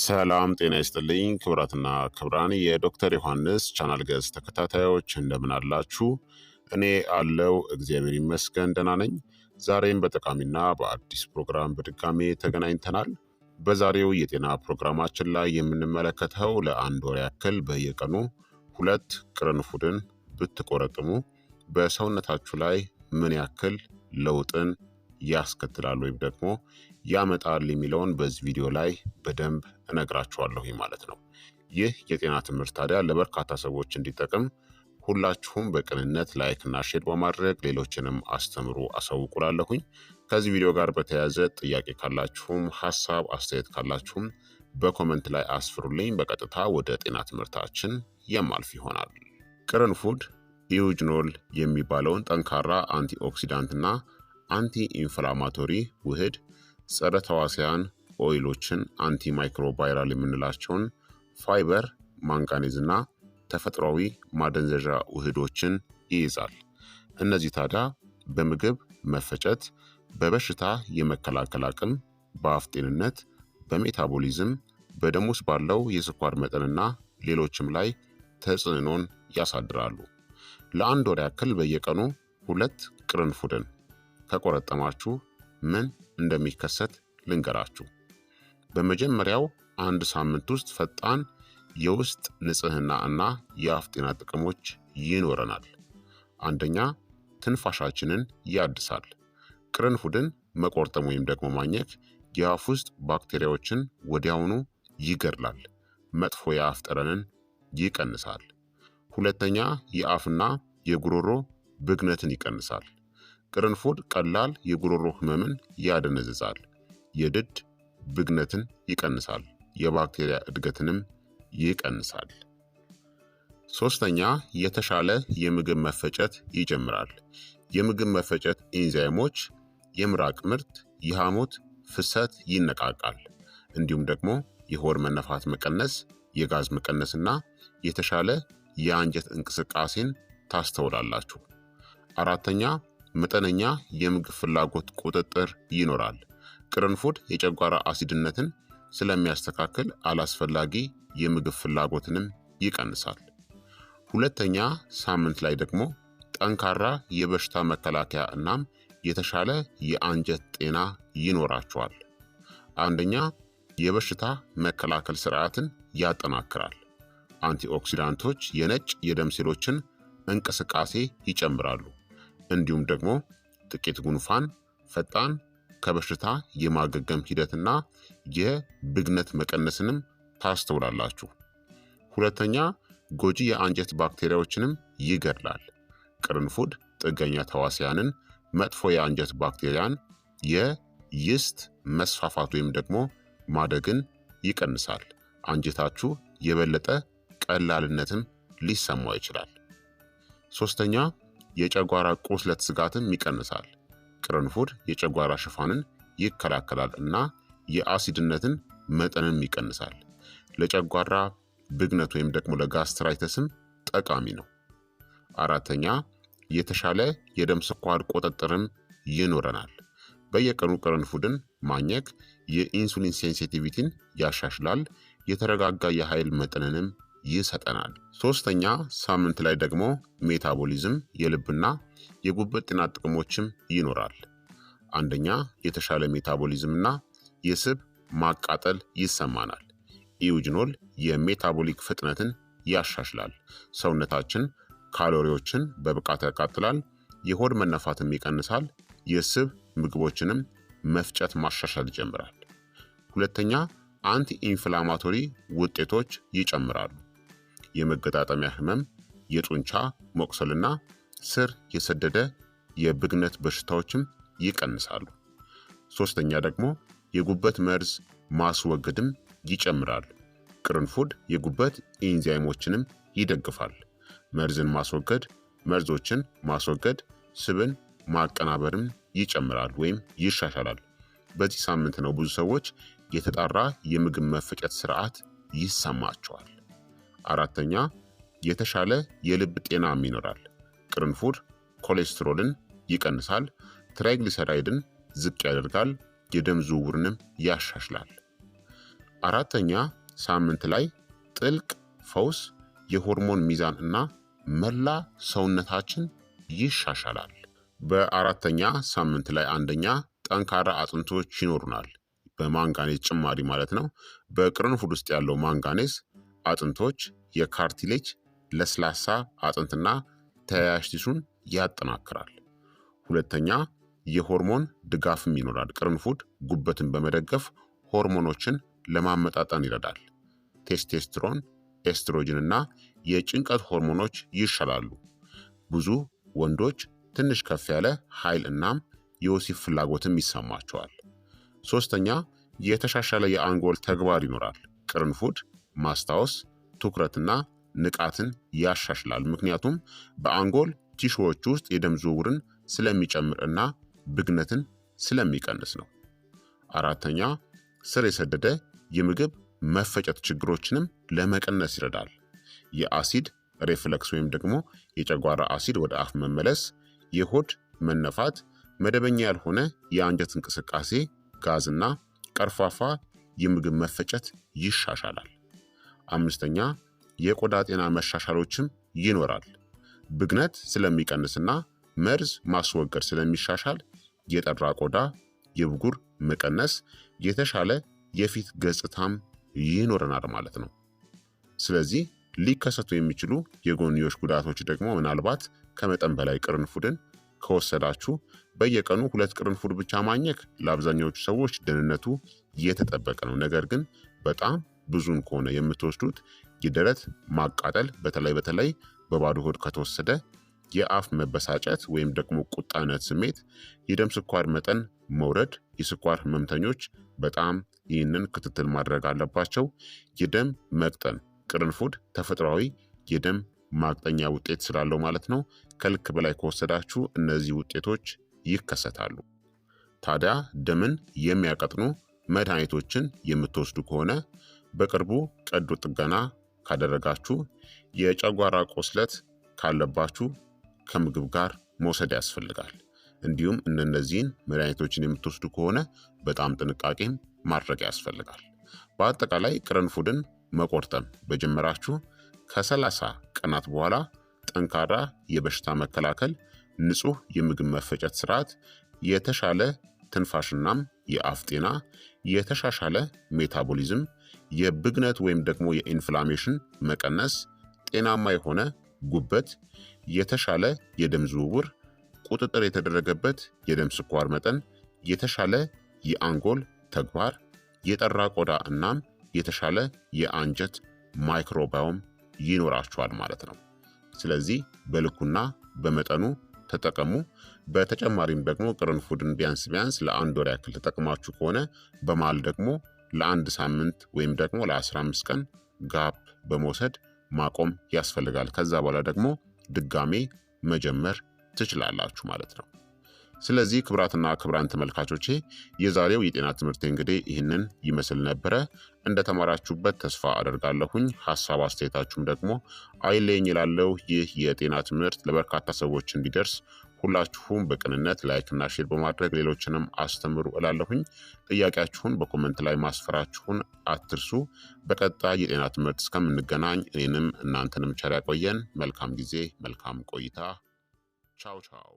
ሰላም ጤና ይስጥልኝ ክብራትና ክብራን የዶክተር ዮሐንስ ቻናል ገጽ ተከታታዮች እንደምን አላችሁ? እኔ አለው እግዚአብሔር ይመስገን ደህና ነኝ። ዛሬም በጠቃሚና በአዲስ ፕሮግራም በድጋሜ ተገናኝተናል። በዛሬው የጤና ፕሮግራማችን ላይ የምንመለከተው ለአንድ ወር ያክል በየቀኑ ሁለት ቅርንፉድን ብትቆረጥሙ በሰውነታችሁ ላይ ምን ያክል ለውጥን ያስከትላል ወይም ደግሞ ያመጣል የሚለውን በዚህ ቪዲዮ ላይ በደንብ እነግራችኋለሁ ማለት ነው። ይህ የጤና ትምህርት ታዲያ ለበርካታ ሰዎች እንዲጠቅም ሁላችሁም በቅንነት ላይክ እና ሼር በማድረግ ሌሎችንም አስተምሩ አሳውቁላለሁኝ። ከዚህ ቪዲዮ ጋር በተያያዘ ጥያቄ ካላችሁም ሀሳብ አስተያየት ካላችሁም በኮመንት ላይ አስፍሩልኝ። በቀጥታ ወደ ጤና ትምህርታችን የማልፍ ይሆናል። ቅርንፉድ ኢዩጅኖል የሚባለውን ጠንካራ አንቲኦክሲዳንትና አንቲ ኢንፍላማቶሪ ውህድ፣ ጸረ ተዋሲያን ኦይሎችን፣ አንቲ ማይክሮቫይራል የምንላቸውን ፋይበር፣ ማንጋኔዝና ተፈጥሯዊ ማደንዘዣ ውህዶችን ይይዛል። እነዚህ ታዲያ በምግብ መፈጨት፣ በበሽታ የመከላከል አቅም፣ በአፍ ጤንነት፣ በሜታቦሊዝም፣ በደም ውስጥ ባለው የስኳር መጠንና ሌሎችም ላይ ተጽዕኖን ያሳድራሉ። ለአንድ ወር ያክል በየቀኑ ሁለት ቅርንፉድን ከቆረጠማችሁ ምን እንደሚከሰት ልንገራችሁ። በመጀመሪያው አንድ ሳምንት ውስጥ ፈጣን የውስጥ ንጽህና እና የአፍ ጤና ጥቅሞች ይኖረናል። አንደኛ ትንፋሻችንን ያድሳል። ቅርንፉድን መቆርጠም ወይም ደግሞ ማኘክ የአፍ ውስጥ ባክቴሪያዎችን ወዲያውኑ ይገድላል። መጥፎ የአፍ ጠረንን ይቀንሳል። ሁለተኛ የአፍና የጉሮሮ ብግነትን ይቀንሳል። ቅርንፉድ ቀላል የጉሮሮ ህመምን ያደነዝዛል። የድድ ብግነትን ይቀንሳል። የባክቴሪያ እድገትንም ይቀንሳል። ሶስተኛ የተሻለ የምግብ መፈጨት ይጀምራል። የምግብ መፈጨት ኤንዛይሞች የምራቅ ምርት፣ የሐሞት ፍሰት ይነቃቃል። እንዲሁም ደግሞ የሆድ መነፋት መቀነስ፣ የጋዝ መቀነስና የተሻለ የአንጀት እንቅስቃሴን ታስተውላላችሁ። አራተኛ መጠነኛ የምግብ ፍላጎት ቁጥጥር ይኖራል። ቅርንፉድ የጨጓራ አሲድነትን ስለሚያስተካክል አላስፈላጊ የምግብ ፍላጎትንም ይቀንሳል። ሁለተኛ ሳምንት ላይ ደግሞ ጠንካራ የበሽታ መከላከያ እናም የተሻለ የአንጀት ጤና ይኖራቸዋል። አንደኛ የበሽታ መከላከል ስርዓትን ያጠናክራል። አንቲኦክሲዳንቶች የነጭ የደም ሴሎችን እንቅስቃሴ ይጨምራሉ። እንዲሁም ደግሞ ጥቂት ጉንፋን፣ ፈጣን ከበሽታ የማገገም ሂደትና የብግነት መቀነስንም ታስተውላላችሁ። ሁለተኛ ጎጂ የአንጀት ባክቴሪያዎችንም ይገድላል። ቅርንፉድ ጥገኛ ተዋሲያንን፣ መጥፎ የአንጀት ባክቴሪያን፣ የይስት መስፋፋት ወይም ደግሞ ማደግን ይቀንሳል። አንጀታችሁ የበለጠ ቀላልነትም ሊሰማው ይችላል። ሶስተኛ የጨጓራ ቁስለት ስጋትም ይቀንሳል። ቅርንፉድ የጨጓራ ሽፋንን ይከላከላል እና የአሲድነትን መጠንም ይቀንሳል። ለጨጓራ ብግነት ወይም ደግሞ ለጋስትራይተስም ጠቃሚ ነው። አራተኛ የተሻለ የደም ስኳር ቁጥጥርም ይኖረናል። በየቀኑ ቅርንፉድን ማኘክ የኢንሱሊን ሴንሲቲቪቲን ያሻሽላል። የተረጋጋ የኃይል መጠንንም ይሰጠናል። ሶስተኛ ሳምንት ላይ ደግሞ ሜታቦሊዝም፣ የልብና የጉበት ጤና ጥቅሞችም ይኖራል። አንደኛ የተሻለ ሜታቦሊዝምና የስብ ማቃጠል ይሰማናል። ኢዩጅኖል የሜታቦሊክ ፍጥነትን ያሻሽላል። ሰውነታችን ካሎሪዎችን በብቃት ያቃጥላል። የሆድ መነፋትም ይቀንሳል። የስብ ምግቦችንም መፍጨት ማሻሻል ይጀምራል። ሁለተኛ አንቲ ኢንፍላማቶሪ ውጤቶች ይጨምራሉ። የመገጣጠሚያ ህመም፣ የጡንቻ መቁሰልና ስር የሰደደ የብግነት በሽታዎችም ይቀንሳሉ። ሶስተኛ ደግሞ የጉበት መርዝ ማስወገድም ይጨምራል። ቅርንፉድ የጉበት ኢንዛይሞችንም ይደግፋል። መርዝን ማስወገድ መርዞችን ማስወገድ ስብን ማቀናበርም ይጨምራል ወይም ይሻሻላል። በዚህ ሳምንት ነው ብዙ ሰዎች የተጣራ የምግብ መፈጨት ስርዓት ይሰማቸዋል። አራተኛ የተሻለ የልብ ጤናም ይኖራል። ቅርንፉድ ኮሌስትሮልን ይቀንሳል፣ ትራይግሊሰራይድን ዝቅ ያደርጋል፣ የደም ዝውውርንም ያሻሽላል። አራተኛ ሳምንት ላይ ጥልቅ ፈውስ፣ የሆርሞን ሚዛን እና መላ ሰውነታችን ይሻሻላል። በአራተኛ ሳምንት ላይ አንደኛ ጠንካራ አጥንቶች ይኖሩናል፣ በማንጋኔዝ ጭማሪ ማለት ነው። በቅርንፉድ ውስጥ ያለው ማንጋኔዝ አጥንቶች የካርቲሌጅ ለስላሳ አጥንትና ተያያዥ ቲሹን ያጠናክራል። ሁለተኛ የሆርሞን ድጋፍም ይኖራል። ቅርንፉድ ጉበትን በመደገፍ ሆርሞኖችን ለማመጣጠን ይረዳል። ቴስቴስትሮን፣ ኤስትሮጅን እና የጭንቀት ሆርሞኖች ይሻላሉ። ብዙ ወንዶች ትንሽ ከፍ ያለ ኃይል እናም የወሲብ ፍላጎትም ይሰማቸዋል። ሶስተኛ የተሻሻለ የአንጎል ተግባር ይኖራል። ቅርንፉድ ማስታወስ ትኩረትና ንቃትን ያሻሽላል። ምክንያቱም በአንጎል ቲሾዎች ውስጥ የደም ዝውውርን ስለሚጨምር እና ብግነትን ስለሚቀንስ ነው። አራተኛ ስር የሰደደ የምግብ መፈጨት ችግሮችንም ለመቀነስ ይረዳል። የአሲድ ሬፍለክስ ወይም ደግሞ የጨጓራ አሲድ ወደ አፍ መመለስ፣ የሆድ መነፋት፣ መደበኛ ያልሆነ የአንጀት እንቅስቃሴ፣ ጋዝና ቀርፋፋ የምግብ መፈጨት ይሻሻላል። አምስተኛ የቆዳ ጤና መሻሻሎችም ይኖራል። ብግነት ስለሚቀንስና መርዝ ማስወገድ ስለሚሻሻል የጠራ ቆዳ፣ የብጉር መቀነስ፣ የተሻለ የፊት ገጽታም ይኖረናል ማለት ነው። ስለዚህ ሊከሰቱ የሚችሉ የጎንዮሽ ጉዳቶች ደግሞ ምናልባት ከመጠን በላይ ቅርንፉድን ከወሰዳችሁ በየቀኑ ሁለት ቅርንፉድ ብቻ ማኘክ ለአብዛኛዎቹ ሰዎች ደህንነቱ የተጠበቀ ነው። ነገር ግን በጣም ብዙም ከሆነ የምትወስዱት የደረት ማቃጠል በተለይ በተለይ በባዶ ሆድ ከተወሰደ፣ የአፍ መበሳጨት ወይም ደግሞ ቁጣነት ስሜት፣ የደም ስኳር መጠን መውረድ። የስኳር ህመምተኞች በጣም ይህንን ክትትል ማድረግ አለባቸው። የደም መቅጠን፣ ቅርንፉድ ተፈጥሯዊ የደም ማቅጠኛ ውጤት ስላለው ማለት ነው። ከልክ በላይ ከወሰዳችሁ እነዚህ ውጤቶች ይከሰታሉ። ታዲያ ደምን የሚያቀጥኑ መድኃኒቶችን የምትወስዱ ከሆነ በቅርቡ ቀዶ ጥገና ካደረጋችሁ፣ የጨጓራ ቁስለት ካለባችሁ ከምግብ ጋር መውሰድ ያስፈልጋል። እንዲሁም እነነዚህን መድኃኒቶችን የምትወስዱ ከሆነ በጣም ጥንቃቄም ማድረግ ያስፈልጋል። በአጠቃላይ ቅርንፉድን መቆርጠም በጀመራችሁ ከሰላሳ ቀናት በኋላ ጠንካራ የበሽታ መከላከል፣ ንጹህ የምግብ መፈጨት ስርዓት፣ የተሻለ ትንፋሽናም የአፍ ጤና፣ የተሻሻለ ሜታቦሊዝም የብግነት ወይም ደግሞ የኢንፍላሜሽን መቀነስ፣ ጤናማ የሆነ ጉበት፣ የተሻለ የደም ዝውውር፣ ቁጥጥር የተደረገበት የደም ስኳር መጠን፣ የተሻለ የአንጎል ተግባር፣ የጠራ ቆዳ እናም የተሻለ የአንጀት ማይክሮባዮም ይኖራቸዋል ማለት ነው። ስለዚህ በልኩና በመጠኑ ተጠቀሙ። በተጨማሪም ደግሞ ቅርንፉድን ቢያንስ ቢያንስ ለአንድ ወር ያክል ተጠቅማችሁ ከሆነ በመሃል ደግሞ ለአንድ ሳምንት ወይም ደግሞ ለ15 ቀን ጋፕ በመውሰድ ማቆም ያስፈልጋል። ከዛ በኋላ ደግሞ ድጋሜ መጀመር ትችላላችሁ ማለት ነው። ስለዚህ ክብራትና ክብራን ተመልካቾቼ የዛሬው የጤና ትምህርት እንግዲህ ይህንን ይመስል ነበረ። እንደተማራችሁበት ተስፋ አደርጋለሁኝ። ሀሳብ አስተያየታችሁም ደግሞ አይለኝ ይላለው። ይህ የጤና ትምህርት ለበርካታ ሰዎች እንዲደርስ ሁላችሁም በቅንነት እና ሼር በማድረግ ሌሎችንም አስተምሩ እላለሁኝ። ጥያቄያችሁን በኮመንት ላይ ማስፈራችሁን አትርሱ። በቀጣይ የጤና ትምህርት እስከምንገናኝ እኔንም እናንተንም ቸር ያቆየን። መልካም ጊዜ፣ መልካም ቆይታ። ቻው ቻው።